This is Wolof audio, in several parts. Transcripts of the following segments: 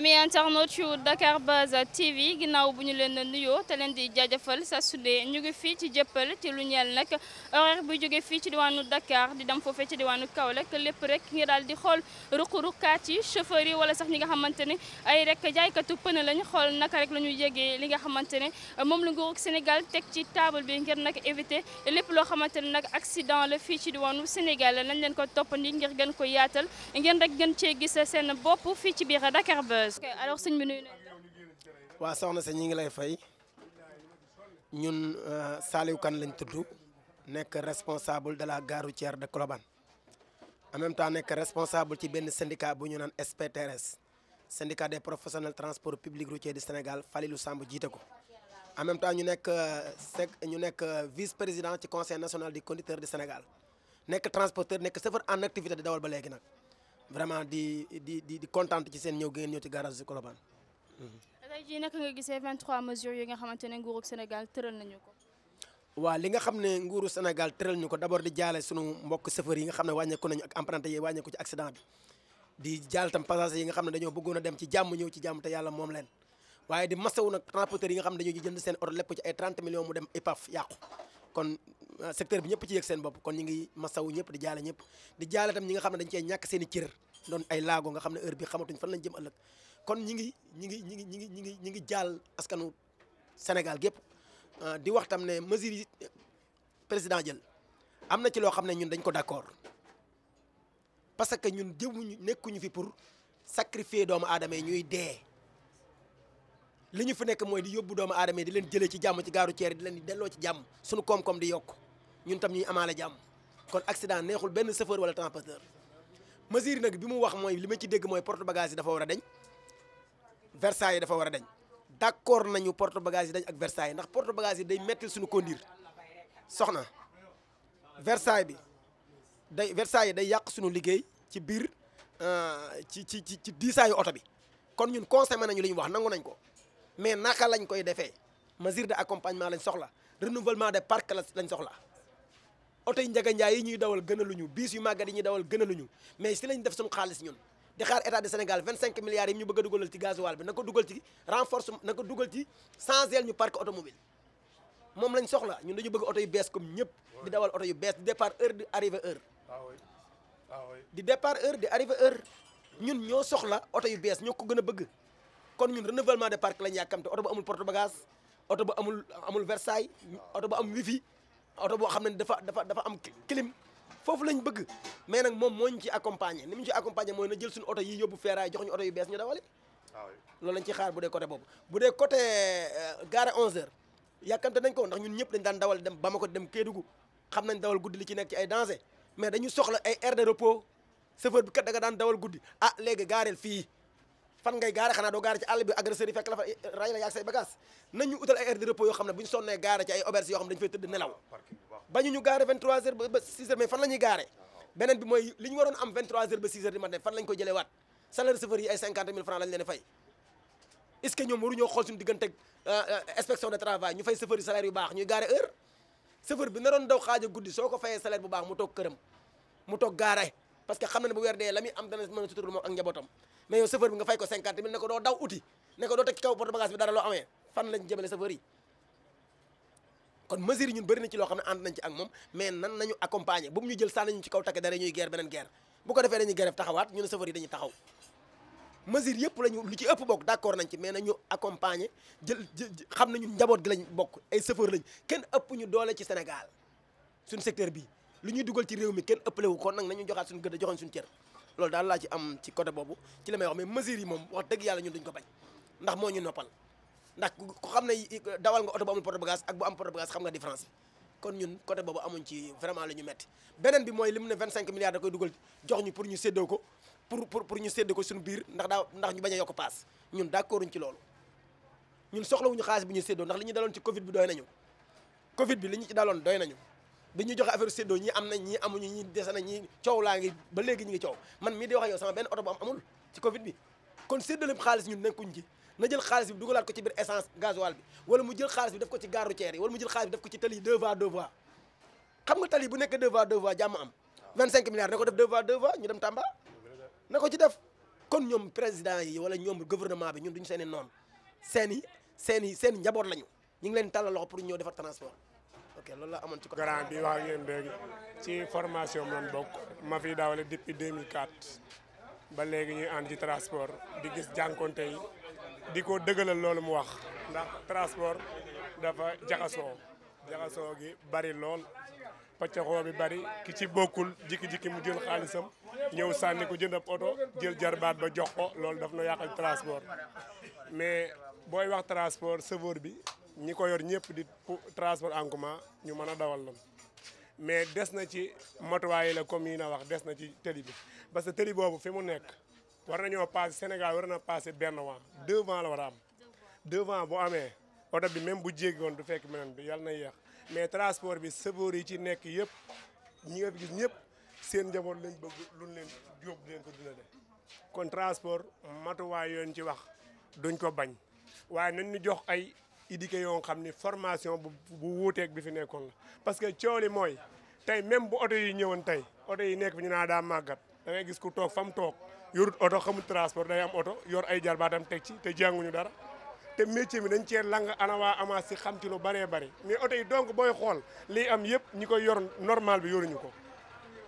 ami internautes yu Dakar Buzz TV ginnaaw bu ñu leen nuyoo te leen di jaajëfal sa sudee ñu ngi fii ci jëppal ci lu ñeel nag horaire bu jóge fii ci diwaanu Dakar di dem foofee ci diwaanu Kaolack lépp rek nga daal di xool ruq-ruqaat yi chauffeur yi wala sax ñi nga xamante ne ay rek jaaykatu pën lañ xool naka rek la ñuy yégee li nga xamante ne moom la nguurug Sénégal teg ci taabal bi ngir nag éviter lépp loo xamante ne nag accident la fii ci diwaanu Sénégal lañ leen ko toppandi ngir gën ko yaatal ngeen rek gën cee gis seen bopp fii ci biir Dakar Buzz Thiès. ok alors waa soxna sa ñu ngi lay fay ñun euh, Saliou Kane lañ tudd nekk responsable de la gare routière de Colobane en même temps nekk responsable ci benn syndicat bu ñu naan SPTRS syndicat des professionnels transport public routier du Sénégal Falilou Samb jiite ko. en même temps ñu nekk euh, sec ñu nekk euh, vice président ci conseil national du conducteur du Sénégal nekk transporteur nekk chauffeur en activité di dawal ba léegi nag. vraiment di di di kontaan ci seen ñëw gi ngeen ñëw ci garage de Colobane. tey nga gisee 23 mesures yi nga xamante ne nguuru Sénégal tëral nañu ko. waa li nga xam ne nguuru Sénégal tëral ñu ko d'abord di jaale sunu mbokk chauffeur yi nga xam ne wàññeeku nañu ak emprunté yi wàññeeku ci accident bi. di nga xam ne dañoo bëggoon dem ci jàmm ñëw ci jàmm te yàlla moom leen waaye di masawu nag transporteurs yi nga xam ne dañoo jënd seen oto lépp ci ay 30 millions mu dem IPAF yàqu Ah, secteur bi ñëpp ci yëg seen bopp kon ñi ngi masawu ñëpp di jaale ñëpp di jaale tam ñi nga xam ne dañ cee ñàkk seen i cër doon ay laago nga xam ne heure bi xamatuñ fan lañ jëm ëllëg kon ñi ngi ñi ngi ñi ngi ñi ngi ñi ngi ñi ngi jaal askanu Sénégal gépp ah, di wax tam ne mesures président jël am na ci loo xam ne ñun dañ ko d'accord parce que ñun jëmuñu nekkuñu fi pour sacrifier doomu aadama yi ñuy dee li ñu fi nekk mooy di yóbbu doomu aadama yi di leen jële ci jàmm ci gaaru ceer di leen di delloo ci jàmm suñu koom-koom di ñun tam ñuy amaale jàmm kon accident neexul benn chauffeur wala transporteur mesure nag bi mu wax mooy li ma ci dégg mooy porte bagage yi dafa war a dañ Versailles yi dafa war a dañ d' accord nañu porte bagage yi dañ ak Versailles ndax porte bagage yi day metti suñu conduire soxna Versailles bi day Versailles day yàq suñu liggéey ci biir euh, ci ci ci ci diisaayu oto bi kon ñun consommé nañu li ñu wax nangu nañ ko mais naka lañ koy defee mesure de accompagnement lañ soxla renouvellement des parcs lañ soxla oto yi Ndiaga yi ñuy dawal gënaluñu biis yu màggat yi ñuy dawal gënaluñu mais si lañ def suñu xaalis ñun di xaar état de Sénégal 25 milliards yi ñu bëgg a dugalal ci gasoil bi na ko dugal ci renforce na ko dugal moom lañ soxla ñun dañu bëgg oto yu bees comme ñëpp di dawal oto yu bees di départ heure di arrivé heure ah ah di départ heure di arrivé heure ñun ñoo soxla oto yu bees ñoo ko gën a bëgg kon ñun renouvellement de parc lañ yàkkamte oto bu amul porte bagage oto bu amul amul Versailles oto bu am wifi oto boo xam ne dafa dafa dafa am clim foofu lañ bëgg mais nag moom moo ñu ci accompagner ni mu ci accompagner mooy na jël suñu oto yi yóbbu feeraay jox ñu oto yu bees ñu dawali. waaw ah loolu ci xaar bu dee côté boobu bu dee côté euh, gare 11h yàkkamte nañ ko ndax ñun ñëpp dañ daan dawal dem Bamako dem Kédougou xam nañ dawal guddi li ci nekk ci ay danger mais dañu soxla ay aire de repos chauffeur bi kat da daan dawal guddi ah léegi gaareel fii fan ngay gaare xanaa doo gaare ci àll bi agresseur yi fekk la fa ray la yaag say bagage nañu utal ay aire beneen bi mooy li waroon am 23h ba 6h du matin fan lañ ko jëlee salaire chauffeur yi ay 50 000 francs lañ fay est euh, euh, gaare heure chauffeur bi naroon daw xaaja guddi soo ko fayee salaire bu baax mu toog këram mu toog gaare parce que xam na ne bu weer dee la muy am dana a suturlu moom ak njabootam mais yow kon mesures ñun bëri na ci loo xam ne ànd nañ ci ak moom mais nan nañu accompagner bu ñu jël sànni ñu ci kaw takk dara ñuy guerre beneen guerre bu ko defee dañuy grève taxawaat ñu ne chauffeur yi dañuy taxaw mesures yëpp lañu ci ëpp bokk d'accord nañ ci mais nañu accompagner jël xam nañu njaboot lañ bokk ay chauffeur lañ kenn ëpp ñu doole ci Sénégal suñu secteur bi li ñuy dugal ci réew mi kenn ëppale wu ko nag nañu joxaat suñu gëdd joxoon suñu cër loolu daal laa ci am ci côté boobu ci la may wax ko bañ ndax moo ñu noppal ndax ku xam ne dawal nga oto bu amul porte bagage ak bu am ñu metti beneen bi mooy li mu ne 25 milliards da koy dugal jox ñu pour ñu séddoo ko pour pour pour ñu séddoo ko suñu biir ndax daa ndax ñu bañ a yokk paas ñun d'accorduñ ci loolu ñun soxlawuñu bu ñu séddoo ndax li ñu daloon ci Covid bi doy nañu Covid bi li ñu ci daloon doy nañu bi ñuy joxe affaire séddoo ñi am nañ ñi amuñu ñi dese na ñi coow laa ngi ba léegi ñu ngi coow man mii di wax ak yow sama benn oto bu am amul ci Covid bi kon séddale xaalis ñun nekkuñ ci na jël xaalis bi dugalaat ko ko ci gare routière yi wala mu jël xaalis bi def ko ci tali deux voies deux voies xam nga tali bu nekk deux voies deux voies jàmm am 25 milliards na ko def deux voies ñu dem Tamba na ko ci def kon ñoom président yi wala ñoom gouvernement bi ñun duñu seen i noonu seen i seen i seen njaboot ñu ngi leen tàllal loxo pour ñëw defar transport Mbacké loolu la amoon ci. grand bi wax ngeen léegi ci formation am lan ma fi daawale depuis 2004 ba léegi ñuy ànd ci transport di gis jànkonte yi di ko dëggalal loolu mu wax ndax transport dafa jaxasoo jaxasoo gi bari lool paccaxoo bi bari ki ci bokkul jikki-jikki mu jël xaalisam ñëw sànni ko jënd ab oto jël jarbaat ba jox ko loolu daf na yàqal transport mais booy wax transport chauffeur bi ñi ko yor ñëpp di transport en commun ñu mën a dawal lan mais des na ci matuwaay yi la comme yi na wax des na ci tëli bi parce que tëli boobu fi mu nekk war nañoo passé Sénégal war na passé benn vent deux vents la war a am deux vents bu amee oto bi même bu jéggoon du fekk meneen bi yàlla na yeex mais transport bi sëboor yi ci nekk yëpp ñi nga fi ñëpp seen njaboot lañ bëgg luñ leen jóob di leen ko dundale kon transport matuwaay yoon ci wax duñ ko bañ waaye nañ ñu jox ay éduqué yoo xam ni formation bu bu wuuteeg bi fi nekkoon la parce que coow li mooy tey même bu oto yi ñëwoon tey oto yi nekk fi ñu naa daa màggat da ngay gis ku toog fa mu toog yorut oto xamul transport day am oto yor ay jarbaatam teg ci te jànguñu dara te métier bi dañ cee lang ana waa amaas si xam ci lu bëree bëri mais oto yi donc booy xool li am yëpp ñi koy yor normal bi yoruñu ko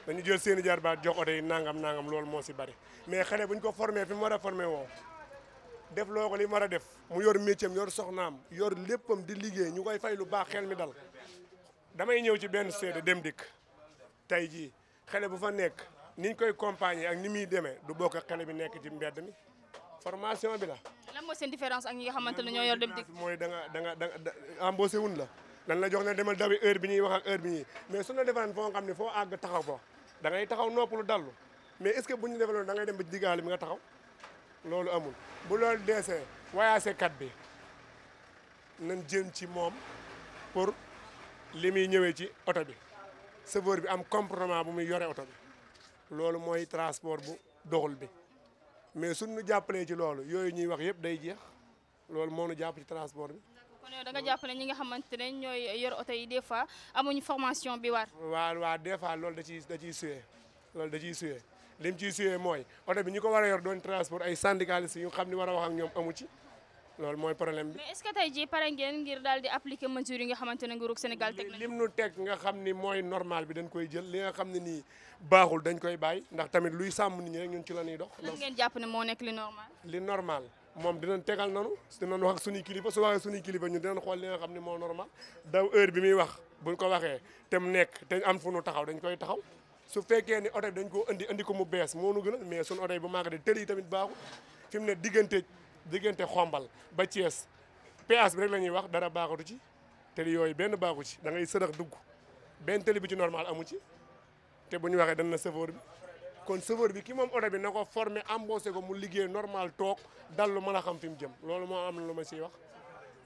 dañu jël seen i jarbaat jox oto yi nangam nangam loolu moo si bëri mais xale buñ ko formé fi mu war a formé woo def loo ko li mar a def mu yor métier am yor soxnaam yor léppam di liggéey ñu koy fay lu baax xel mi dal damay ñëw ci benn seede dem dikk tey jii xale bu fa nekk niñ koy compagner ak ni muy demee du bokk ak xale bi nekk ci mbedd mi formation bi la. lan mooy seen différence ak ñi nga xamante ne ñoo nga da nga da la. lan la jox ne demal dawi heure bi ñuy wax ak heure bi ñuy mais suñu la defaan foo xam ne foo àgg taxaw fa da ngay taxaw noppalu dallu mais est ce que bu ñu defaloon da ngay dem ba diggaale bi nga taxaw. loolu amul bu loolu deesee wayaasekat bi nañ jëm ci moom pour li muy ñëwee ci oto bi chauffeur bi am comportement bu muy yore oto bi loolu mooy transport bu doxul bi mais suñu jàppalee ci loolu yooyu ñuy wax yëpp day jeex loolu moo nu jàpp ci transport bi. kon yow da nga jàpp ne ñi nga xamante ne ñooy yor oto yi des fois amuñu formation bi war. waa waa des fois loolu da ciy da ciy suyee loolu da ciy suyee lim ciy suyee mooy oto bi ñi ko war a yor doon transport ay syndicalistes yu xam ni war a wax ak ñoom amu loolu mooy problème bi. mais est ce que tey jii pare ngeen ngir daal di appliquer mesures yi nga xamante ne nguurug Sénégal teg lim nu nga xam ni mooy normal bi dañ koy jël li nga xam ne nii baaxul dañ koy bàyyi ndax tamit luy sàmm nit ñi rek ñun ci la ñuy jàpp ne moo nekk li normal. li normal moom dinañ tegal nanu dinañ wax ak suñuy kilifa su waxee suñuy ñu ñun dinañ xool li nga xam ne moo normal daw heure bi muy wax bu buñ ko waxee te mu nekk te am fu nu taxaw dañ koy taxaw su fekkee ni oto bi dañ koo indi indi ko mu bees moo nu gën a mais sunu oto yi bu màgg de tëli yi tamit baaxul fi ne diggante diggante xombal ba Thiès péage bi rek la ñuy wax dara baaxatu ci tëli yooyu benn baaxu ci da ngay sërax dugg benn tëli bi ci normal amu ci te bu ñu waxee dana na chauffeur bi kon chauffeur bi ki moom oto bi ne ko formé embauché ko mu liggéey normal toog dal lu mën a xam fi mu jëm loolu moo am na lu ma siy wax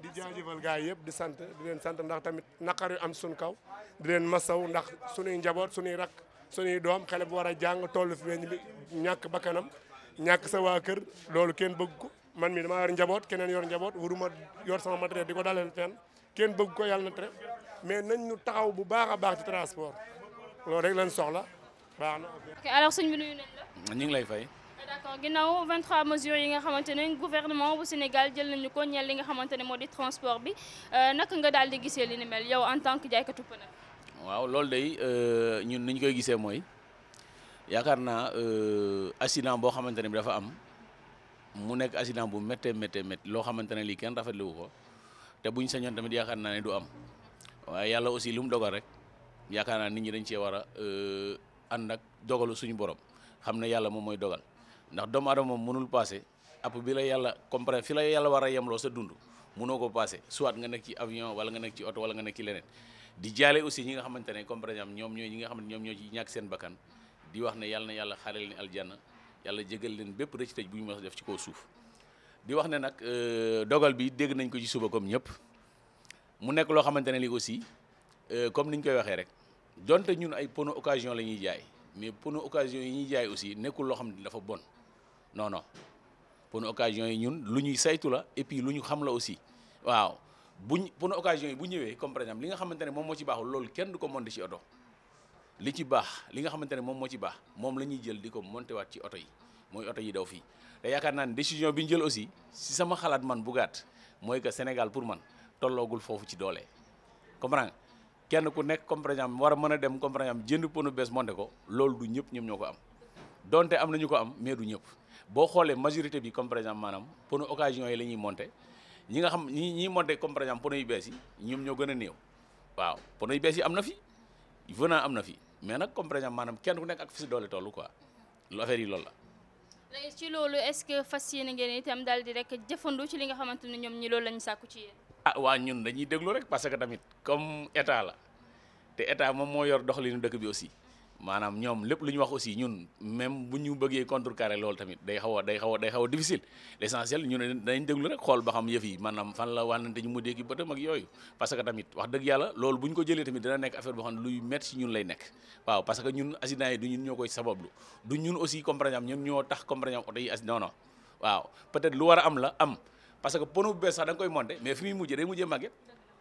di jaajëfal gars yëpp di sant di leen sant ndax tamit naqar am suñ kaw di leen masaw ndax sunuy njaboot sunuy rak suñuy doom xale bu war a jàng toll fi bi ñàkk bakkanam ñàkk sa waa kër loolu kenn bëgg ko man mi damaa yor njaboot keneen yor njaboot wuruma yor sama matériel di ko dalal fenn kenn bëgg ko yàlla na tere mais nañ ñu taxaw bu baax a baax ci transport loolu rek lañ soxla baax na. ok alors sëñ bi ngi lay fay. d'accord ginnaaw 23 mesures yi nga xamante ne gouvernement bu Sénégal jël nañu ko ñeel li nga xamante ne moo di transport bi euh, na nga daal di gisee li ni mel yow en tant que jaaykatu pneu. waaw loolu day euh, ñun ni ñu koy gisee mooy yaakaar naa euh, accident boo xamante ne bi dafa am mu nekk accident bu méttee méttee méttee loo xamante ne lii kenn rafetlu wu ko te buñ sañoon tamit yaakaar naa ne du am waaye yàlla aussi lu mu dogal rek yaakaar naa nit ñi dañ cee war a euh, ànd ak dogalu suñu borom xam ne yàlla moom mooy dogal ndax doomu aadama moom mënul passé app bi la yàlla comprendre fi la yàlla war a yemloo sa dund mënoo ko passé soit nga nekk ci avion wala nga nekk ci oto wala nga nekk leneen. di jaale aussi ñi nga xamante ne comme par exemple ñoom ñooy ñi nga xam ne ñoom ñoo ci ñàkk seen bakkan di wax ne yàlla na yàlla xaare leen aljanna yàlla jégal leen bépp rëcc tëj bu ñu mën a def ci kaw suuf di wax ne nag euh, dogal bi dégg nañ ko ci suba comme ñëpp mu nekk loo xamante ne li aussi euh, comme niñ koy waxee rek donte ñun ay pono occasion la ñuy jaay mais pono occasion yi ñuy jaay aussi nekkul loo xam ne dafa bon non non pono occasion yi ñun lu ñuy saytu la et puis lu ñu xam la aussi waaw bu ñu na occasion yi bu ñëwee comme par li nga xamante ne moom moo ci baaxul loolu kenn du ko monté ci oto li ci baax li nga xamante ne moom moo ci baax moom la ñuy jël di ko monté waat ci oto yi mooy oto yi daw fii te yaakaar naa ne décision bi ñu jël aussi si sama xalaat man bu gaat mooy que Sénégal pour man tolloogul foofu ci doole comprendre kenn ku nekk comme par exemple war a mën a dem comme par exemple jënd pono bees monté ko loolu du ñëpp ñoom ñoo ko am donte am nañu ko am mais du ñëpp boo xoolee majorité bi comme par exemple maanaam pono yi la ñuy monté ñi nga xam ñi ñi monté comme par exemple pono yu bees yi ñoom ñoo gën a néew waaw pono yu bees yi am na fi venant am na fi mais nag comme maanaam kenn ku nekk ak fi si doole toll quoi lu affaire yi la. léegi ci loolu est-ce que fas yéene ngeen itam daal di rek jëfandu ci li nga xamante ne ñoom ñi loolu la sàkku ci yéen. ah waa ñun dañuy déglu rek parce que tamit comme état la te état moom moo yor doxalinu dëkk bi aussi. maanaam ñoom lépp lu ñu wax aussi ñun même bu ñu bëggee contrecarrer loolu tamit day xaw a day xaw a xaw a difficile l'essentiel ñu ne dañ déglu rek xool ba xam yëf yi maanaam fan la wànnante ñu mu dégg bëtam ak yooyu parce que tamit wax dëgg yàlla loolu bu ñu ko jëlee tamit dina nekk affaire boo xam ne luy métti si ñun lay nekk waaw parce que ñun accident yi du ñun ñoo koy sabablu du ñun aussi comme ñun ñoo tax comme par exemple oto yi non non waaw peut lu war a am la am parce que pono bu bees sax da nga koy monter mais fi muy mujjee day mujjee màgget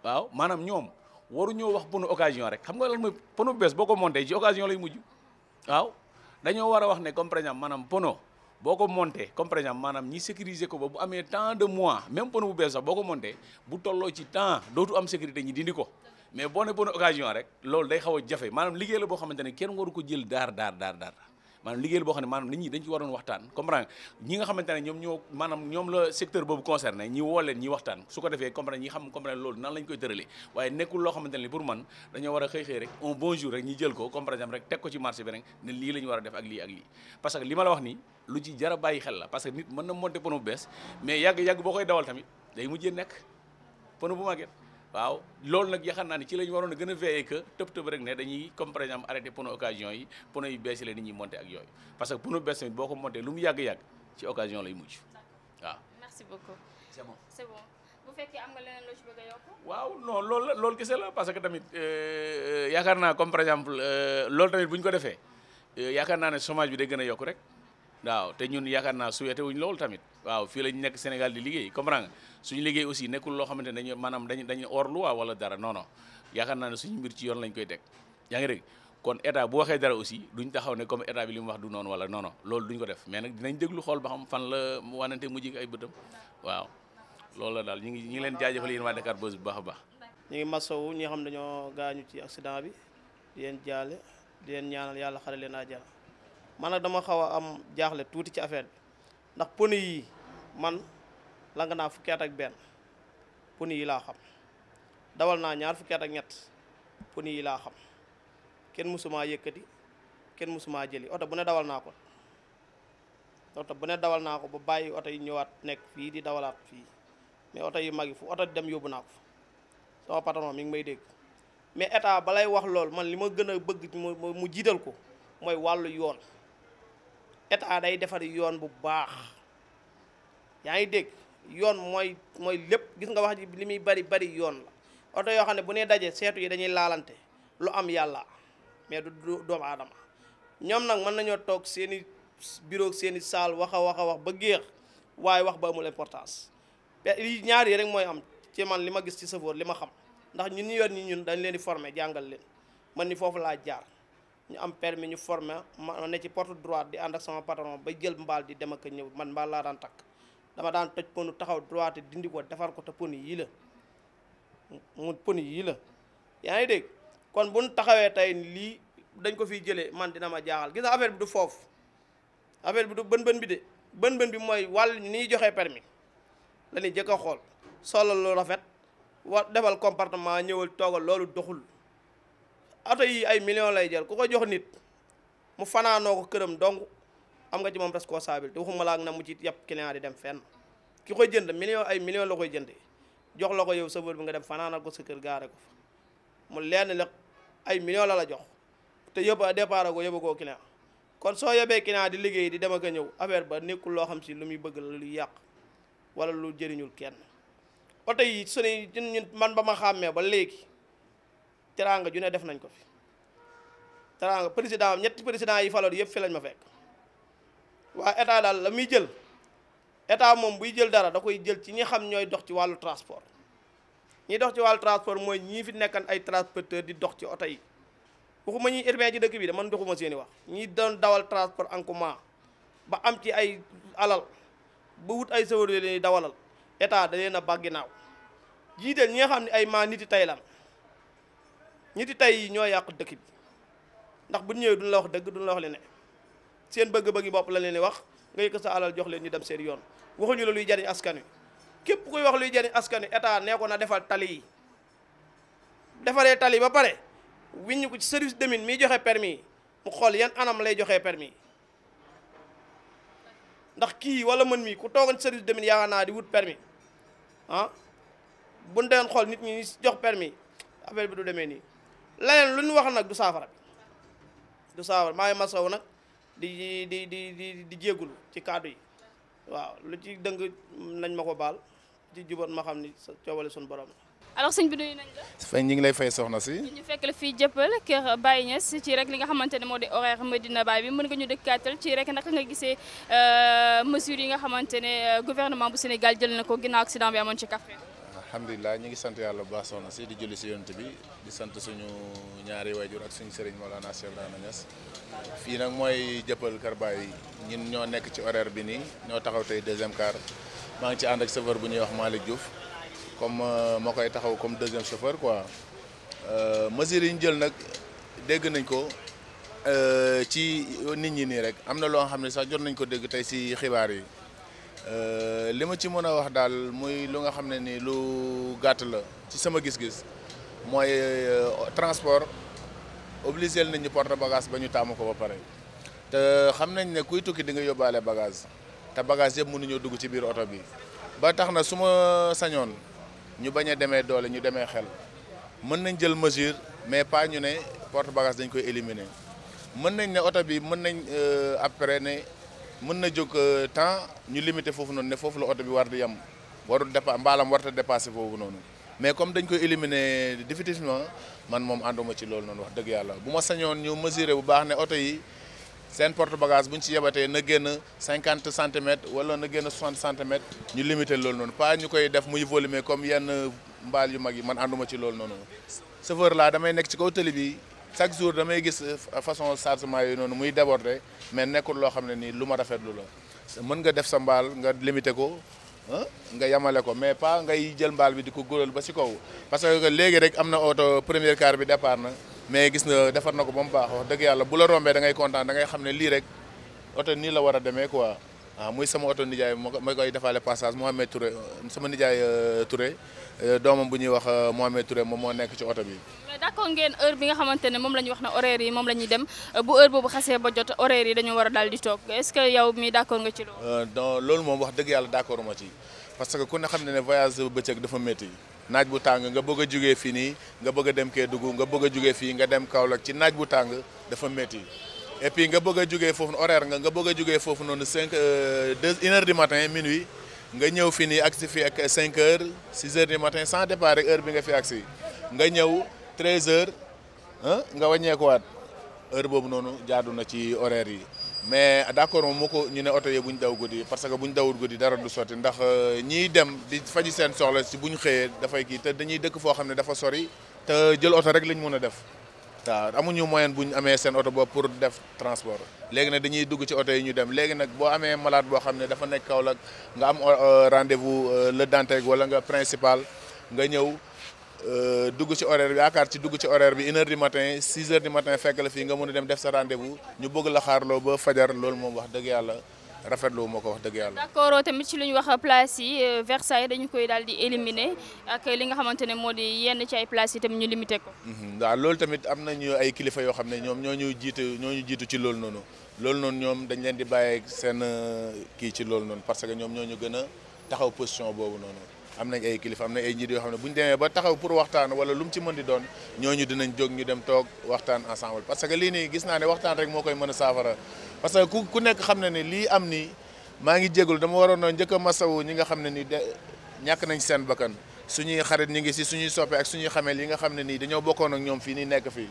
waaw maanaam ñoom waruñoo wax pneu occasion rek xam nga lan mooy pneu bu bees boo ko monté ci occasion lay mujj waaw dañoo war a wax ne comme par maanaam pneu boo ko monté comme par exemple maanaam ñi sécuriser ko ba bu amee tant de mois même pneu bu bees sax boo ko monté bu tolloo ci temps dootu am sécurité ñi dindi ko mais boo ne pneu occasion rek loolu day xaw a jafe maanaam liggéey la boo xamante ne kenn waru ko jël daar daar daar daar maanaam liggéey boo xam ne maanaam nit ñi dañ ci waroon waxtaan comprendre ñi nga xamante ne ñoom ñoo maanaam ñoom la secteur boobu concerné ñi woo leen ñi waxtaan su ko defee comprendre ñi xam comprendre loolu nan lañ koy tëralee waaye nekkul loo xamante ne pour man dañoo war a xëy xëy rek un bon jour rek ñi jël ko comprendre am rek teg ko ci marché bi rek lii la ñu a def ak lii ak lii parce que li ma la wax ni lu ci jara bàyyi xel la que nit mën na monter pono bu bees mais yàgg-yàgg boo koy dawal tamit waaw loolu nag yaakaar naa ne ci la ñu waroon a gën a veiller que tëb tëb rek ne dañuy comme par exemple arrêté pneu occasion yi pneu yu bees yi la nit ñi monté ak yooyu parce que pneu bees tamit boo ko monté lu mu yàgg-yàgg ci occasion lay mujj waaw. merci beaucoup. loo loolu la loolu kese la parce que tamit euh, euh, yaakaar naa comme par exemple euh, loolu tamit bu ko defee yaakaar naa ne chômage bi day gën a yokk rek. waaw te ñun yaakaar naa souhaité wuñ loolu tamit waaw fii lañ nekk Sénégal di liggéey comprendre nga suñu liggéey aussi nekkul loo xamante dañu maanaam dañu dañu dara non non naa ne suñu mbir ci yoon lañ koy teg yaa ngi dégg kon état bu waxee dara aussi duñ taxaw ne comme état bi li mu wax du noonu wala non non duñ ko def mais nag dinañ déglu xool ba xam fan la wanante mujj ak ay bëtam waaw loolu daal ñu ngi ñu ngi leen waa Dakar Buzz a man nag dama xaw a am jaaxle tuuti ci affaire bi ndax pneu yi man la nga naa fukki ak benn pneu yi laa xam dawal naa ñaar fukki ak ñett pneu yi laa xam kenn mësumaa yëkkati kenn mësumaa jëli oto bu ne dawal naa ko oto bu ne dawal naa ko ba bàyyi oto yi ñëwaat nekk fii di dawalaat fii mais oto yu mag yi fu oto dem yóbbu naa ko sama patron mi ngi may dégg mais état balay wax lool man li ma gën a bëgg mu jiital ko mooy wàllu yoon état day defar yoon bu baax yaa ngi dégg yoon mooy mooy lépp gis nga wax ji li muy bari bari yoon la oto yoo xam ne bu nee dajee seetu yi dañuy laalante lu am yàlla mais du doomu aadama ñoom nag mën nañoo toog seeni bureau seeni saal wax a wax a wax ba géex waaye wax ba amul importance li ñaar yi rek mooy am ci man li ma gis ci safoor li ma xam ndax ñun ñu yor ñi ñun dañ leen di former jàngal leen mën ni foofu laa jaar ñu am permis ñu forme ma ne ci porte droite di ànd ak sama patron ba jël mbaal di dem ak ñëw man mbaal laa daan takk dama daan toj ponu taxaw droite dindi ko defar ko te ponu yii la mu ponu yii la yaa ngi dégg kon bu nu taxawee tey lii dañ ko fiy jëlee man dina ma jaaxal gis nga affaire bi du foofu affaire bi du bën bën bi de bën bën bi mooy wàll ni ñuy joxee permis la ñuy jëkk a xool solal lu rafet wa defal comportement ñëwal toogal loolu doxul oto yi ay millions lay jël ku ko jox nit mu fanaanoo ko këram donc am nga ci moom responsabilité waxuma la ak na mu ci yàpp client di dem fenn ki ko jënd million ay millions la koy jëndee jox la ko yow sa chauffeur bi nga dem fanaanal ko sa kër gaare ko fa mu lenn la ay million la la jox te yëpp a départ ko yóbbu koo client kon soo yóbbee client di liggéey di dem ak ñëw affaire ba nekkul loo xam si lu muy bëgg la lu yàq wala lu jëriñul kenn oto yi su man ba ma xàmmee ba léegi. teraanga ju ne def nañ ko fi teraanga président ñetti président yi faloon yëpp fi lañ ma fekk waa état daal la muy jël état moom buy jël dara da koy jël ci ñi xam ñooy dox ci wàllu transport ñi dox ci wàllu transport mooy ñii fi nekkan ay transporteur di dox ci oto yi waxuma ñuy urbain ci dëkk bi de man doxuma seeni wax ñi doon dawal transport en commun ba am ci ay alal ba wut ay sawar leen dawalal état da leen ba ginnaaw jiiteel ñi nga xam ne ay maa niti taylan ñi ti tey ñoo yàqu dëkk bi ndax bu ñëwee duñ la wax dëgg duñ la wax leen ne seen bëgg-bëgg yi bopp la leen di wax nga yëkk sa alal jox leen ñu dem seen yoon waxuñu la luy jariñ askan wi képp ku kuy wax luy jariñ askan wi état nee ko na defal tali yi defaree tali ba pare wiññi ko ci service de mine miy joxe permis mu xool yan anam lay joxe permis ndax kii wala mën mi ku toogoon ci service demin mine naa di wut permis ah bu ñu doon xool nit ñi ñu jox permi affaire bi du demee nii. leneen lu ñu wax nag du saafara du saafara maa ma masaw nag di di di di di jéegul ci kàddu yi waaw lu ci dëng nañ ma ko baal ci juboon ma xam ni sa coobale suñu borom alors sëñ bi nuyu nañ la. fay ñu ngi lay fay soxna si. ñu fekk la fii jëppal kër Baye Niass ci rek li nga xamante ne moo di horaire Medina baay bi mën nga ñu dëkkaatal ci rek naka nga gisee euh, mesures yi nga xamante ne euh, gouvernement bu Sénégal jël na ko ginnaaw accident bi amoon ci kaf alhamdulilah ñu ngi sant yàlla bu baax soxna si di julli si yonent bi di sant suñu ñaari waajur ak suñu sëriñ Mawlana Cheikh Ibrahima Niass fii nag mooy jëppal karbaay yi ñun ñoo nekk ci horaire bi nii ñoo taxaw tey deuxième car maa ngi ci ànd ak chauffeur bu ñuy wax Malick Diouf comme euh, moo koy taxaw comme deuxième chauffeur quoi euh, mesures yi jël nag dégg nañ ko euh, ci nit ñi nii rek am na loo xam ne sax jot nañ ko dégg tey si xibaar yi. Euh, li ma ci mën a wax daal muy lu nga xam ne nii lu gàtt la ci sama gis-gis mooy euh, transport obligé nañu porte bagage ba ñu taamu ko ba pare te xam nañ ne kuy tukki di nga yóbbaale bagage te bagage yëpp mënuñoo dugg ci biir oto bi ba tax na su ma sañoon ñu bañ a demee doole ñu demee xel mën nañ jël mesure mais pas ñu ne porte bagage dañ koy éliminer mën nañ ne oto bi mën nañ euh, après ne mën na jóg euh, temps ñu limité foofu noonu ne foofu la oto bi war di yem warul dépa mbaalam warta dépassé foofu noonu mais comme dañ koy éliminer définitivement man moom ànduma ci loolu noonu wax dëgg yàlla bu ma sañoon ñu mesurer bu baax ne oto yi seen porte bagage bu ñu ci yebatee na génn cinquante centimètres wala na génn soixante centimètres ñu limité loolu noonu pas ñu koy def muy volume comme yenn mbaal yu mag yi man ànduma ci loolu noonu chauffeur laa damay nekk ci kaw tëli bi chaque jour damay gis euh, façon chargement yooyu noonu muy déborder mais nekkul loo xam ne nii lu ma rafetlu la mën nga def sa mbaal nga limité ko nga yamale ko mais pas ngay jël mbaal bi di ko góoral ba si kaw parce que léegi rek am na oto premier car bi départ na mais gis na defar na ko ba mu baax wax dëgg yàlla bu la rombee da ngay kontaan da ngay xam ne lii rek oto nii la war a demee quoi. waaw ah, muy sama oto nijaay ma koy defaale passage Mohamed Touré sama nijaay euh, Touré euh, doomam bu ñuy wax euh, Mohamed Touré moom moo nekk ci oto bi. mais d'accord ngeen heure bi nga xamante ne moom la ñu wax ne horaire yi moom la ñuy dem bu heure boobu xasee ba jot horaire yi dañoo war a daal di toog est-ce que yow mi d'accord nga ci loolu. moom wax dëgg yàlla d'accord ma ci parce que ku ne xam ne ne voyage bëccëg dafa métti. naaj bu tàng nga bëgg a jugee fii nii nga bëgg a dem Kédougou nga bëgg a jugee fii nga dem Kaolack ci naaj bu tàng dafa métti. et puis nga bëgg a jugee foofu horaire nga nga bëgg a jugee foofu noonu cinq euh, deux une heure du matin minuit nga ñëw fi nii agsi fi ak cinq heures six heures du matin sans départ rek heure bi nga fi agsi nga ñëw treize heures ah nga wàññeekuwaat heure boobu noonu jaadu na ci horaire yi mais d'accord moom moo ko ñu ne oto yi bu ñu daw guddi parce que bu ñu dawul guddi dara du sotti ndax euh, ñiy dem di faji seen soxla si bu ñu xëyee dafay kii te dañuy dëkk foo xam ne dafa sori te jël oto rek lañ mun a def waaw amuñu moyen bu ñu amee seen oto boobu pour def transport léegi nag dañuy dugg ci oto yi ñu dem léegi nag boo amee malaat boo xam ne dafa nekk Kaolack nga am euh, rendez-vous euh, Le Dantec wala nga principal nga ñëw euh, dugg ci horaire bi yaakaar ci dugg ci horaire bi une heure du matin six heures du matin fekk la fii nga mën a dem def sa rendez-vous ñu bëgg la xaarloo fajar loolu moom wax dëgg yàlla rafetlu moo ko wax dëgg yàlla. d'accord tamit ci lu ñu wax place yi euh, Versailles dañu koy daal di éliminer ak li nga xamante ne moo di yenn ci ay places yi tamit ñu limité ko. Mhm, waaw loolu tamit am nañu ay kilifa yoo xam ne ñoom ñoo ñu jiitu ñoo ñu jiitu ci loolu noonu loolu noonu ñoom dañ leen di bàyyi seen euh, kii ci loolu noonu parce que ñoom ñoo ñu gën a taxaw position boobu noonu. am nañ ay kilifa am nañ ay njiit yoo xam ne bu ñu demee ba taxaw pour waxtaan wala lu mu ci mën di doon ñooñu dinañ jóg ñu dem toog waxtaan ensemble parce que lii nii gis naa ne waxtaan rek moo koy mën a saafara parce que ku ku nekk xam ne ne lii am nii maa ngi jégalu dama waroon a njëkk a masawu ñi nga xam ne nii de ñàkk nañ seen bakkan suñuy xarit ñi ngi si suñuy soppe ak suñuy xameel yi nga xam ne nii dañoo bokkoon ak ñoom fii nii nekk fii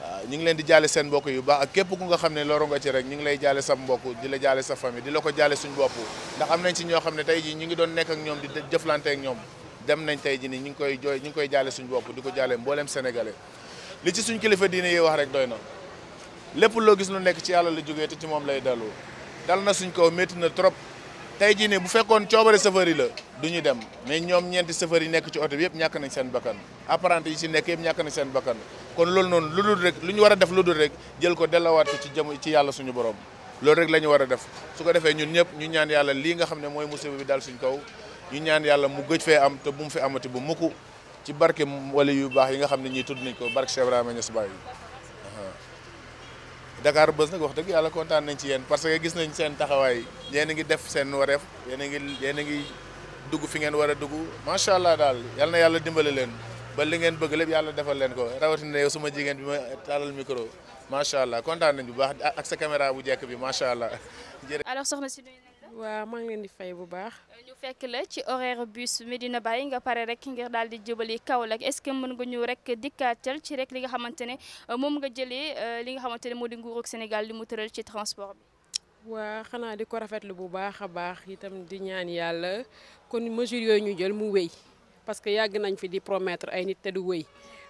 waaw ñu ngi leen di jaale seen mbokk yu baax ak képp ku nga xam ne loru nga ci rek ñu ngi lay jaale sa mbokk di la jaale sa famille la ko jaale suñu bopp ndax am nañ si ñoo xam ne tey jii ñu ngi doon nekk ak ñoom di jëflante ak ñoom dem nañ tey ji ni ñu ngi koy jooy ñu ngi koy jaale suñu bopp di ko jaale mbooleem sénégalais li ci suñ kilifa diine yi wax rek doy na lépp loo gis nu nekk ci yàlla la jógee te ci moom lay dalu dal na suñ kow métti na trop tey jii nii bu fekkoon coobare safar yi la du dem mais ñoom ñeenti safar yi nekk ci oto bi yëpp ñàkk nañ seen bakkan apprenti yi si nekk yëpp ñàkk nañ seen bakkan kon loolu noonu lu dul rek lu ñu war a def lu dul rek jël ko dellowaat ko ci jëm ci yàlla suñu borom loolu rek la ñu war a def su ko defee ñun ñëpp ñu ñaan yàlla lii nga xam ne mooy musiba bi dal suñ kaw ñu ñaan yàlla mu gëj fee am te bu mu fi amati bu mukk barke wala yu baax yi nga xam ne ñii tudd nañ ko barke Cheikh Ibrahima Niass Baye Dakar Buzz nag wax dëgg yàlla kontaan nañ ci yéen parce que gis nañ seen taxawaay yéen ngi def seen wareef yéen a ngi yéen ngi dugg fi ngeen war a dugg macha allah daal yal yàlla dimbale leen ba li ngeen bëgg lépp yàlla defal leen ko rawatina yow suma jigéen bi ma taalal micro macha allah kontaan nañ bu baax ak sa caméra bu jekk bi macha allah. waaw maa ngi leen di fay bu baax. ñu fekk la ci horaire bus Medina Baye nga pare rek ngir daal di jubali Kaolack est-ce que mën nga ñëw rek dikkaatal ci rek li nga xamante ne euh, moom nga jëlee euh, li nga xamante ne moo di nguurug Sénégal li mu tëral ci transport bi. waa xanaa di ko rafetlu bu baax a baax itam di ñaan yàlla kon mesure yooyu ñu jël mu wéy parce que yàgg nañ fi di promettre ay nit te du wéy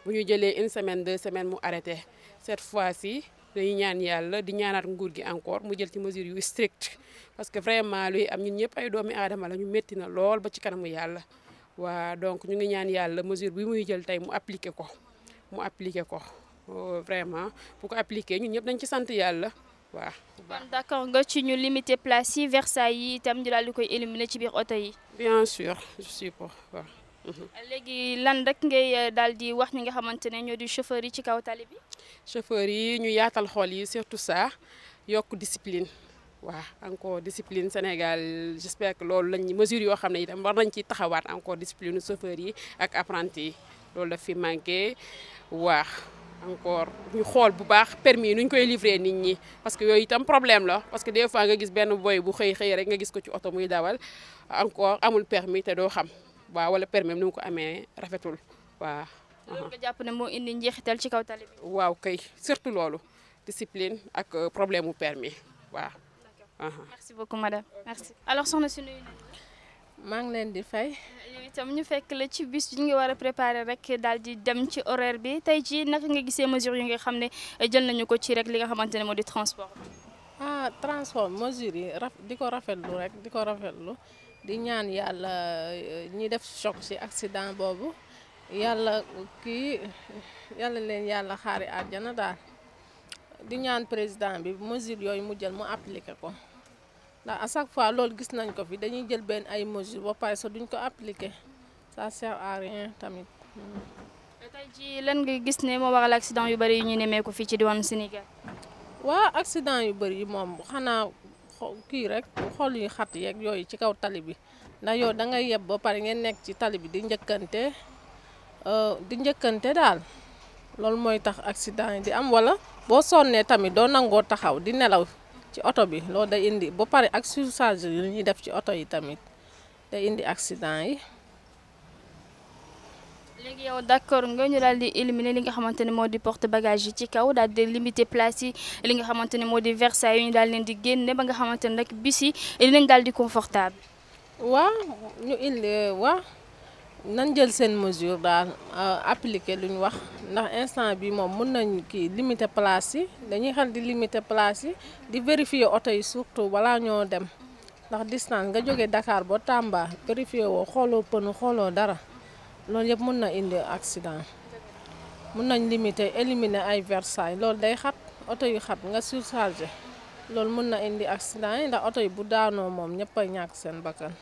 bu ñu jëlee une semaine de semaine mu arrêté cette fois-ci. dañuy ñaan yàlla di ñaanaat nguur gi encore mu jël ci mesure yu strict parce que vraiment luy am ñun ñëpp ay doomi aadama la ñu métti na lool ba ci kanamu yàlla waa donc ñu ngi ñaan yàlla mesure bi muy jël tey mu appliqué ko mu appliqué ko oh, vraiment bu ko appliqué ñun ñëpp dañ ci sant yàlla waaw. kon d'accord nga ci ñu limiter place yi Versailles yi itam ñu daal di koy éliminer ci biir oto yi. bien sûr je suis pour léegi lan rek ngay euh, daal di wax ñi nga xamante ne ñoo di chauffeur yi ci kaw tali bi. chauffeur yi ñu yaatal xool yi surtout ça yokk discipline waaw encore discipline Sénégal j'espère que loolu lañ mesure yoo xam ne itam war nañ ci taxawaat encore discipline chauffeur yi ak apprenti yi loolu daf fi manqué waax encore ñu xool bu baax permis nuñ koy livrer nit ñi parce que yooyu itam problème la parce que des fois nga gis benn boy bu xëy xëy rek nga gis ko ci muy dawal encore amul permis te doo xam. waaw wala permis nu mu ko amee rafetul waaw. loolu nga uh-huh. jàpp ne moo indi njeexital ci kaw tali bi. waaw kay surtout loolu discipline ak euh, problème mu permis waaw. d'accord uh-huh. merci beaucoup madame merci maa ngi leen di fay. Euh, yow itam ñu fekk la ci bis ñu ngi war a préparer rek daal di dem ci horaire bi tey ci naka nga gisee mesures yi nga xam ne euh, jël nañu ko ci rek li nga xamante ne moo di transport. ah transport mesures yi raf di ko rafetlu rek di ko rafetlu. di ñaan yàlla euh, ñi def choc ci accident boobu yàlla ki yàlla leen yàlla xaari àjjana daal di ñaan président bi mesure yooyu mu jël mu appliqué ko ndax à chaque fois loolu gis nañ ko fi dañuy jël benn ay mesure ba pare sa duñ ko appliqué sa sert à tamit. tey jii lan nga gis ne moo waral accident yu bëri yu ñu nemmeeku fii ci diwaanu Sénégal. waa accident yu bëri moom xanaa. kii rek xool yi xat yeeg yooyu ci kaw tali bi ndax yow da ngay yeb ba pare ngeen nekk ci tali bi di njëkkante euh, di njëkkante daal loolu mooy tax accident yi di am wala boo sonnee tamit doo nangoo taxaw di nelaw ci oto bi loolu day indi ba pare ak surcharge yi ñuy def ci oto yi tamit day indi accident yi léegi yow d'accord nga ñu daal di éliminer li nga xamante ne moo di porte bagage yi ci kaw daal di limiter place yi li nga xamante ne moo di Versailles yi ñu daal leen di génne ba nga xamante ne rek bis yi dinañ daal di confortable waaw ñu il waaw nan jël seen mesure daal euh, appliquer lu ñu wax ndax instant bi moom mën nañ kii limiter place yi dañuy xel di limiter place yi di vérifier oto yi surtout balaa ñoo dem ndax distance nga jógee dakaar ba Tamba vérifier woo xooloo pënu xooloo dara loolu yëpp mun na indi accident mun nañ limiter éliminer ay Versailles loolu day xat oto yu xat nga surchargé loolu mun na indi accident yi ndax oto yi bu daanoo moom ñëpp a ñàkk seen bakkan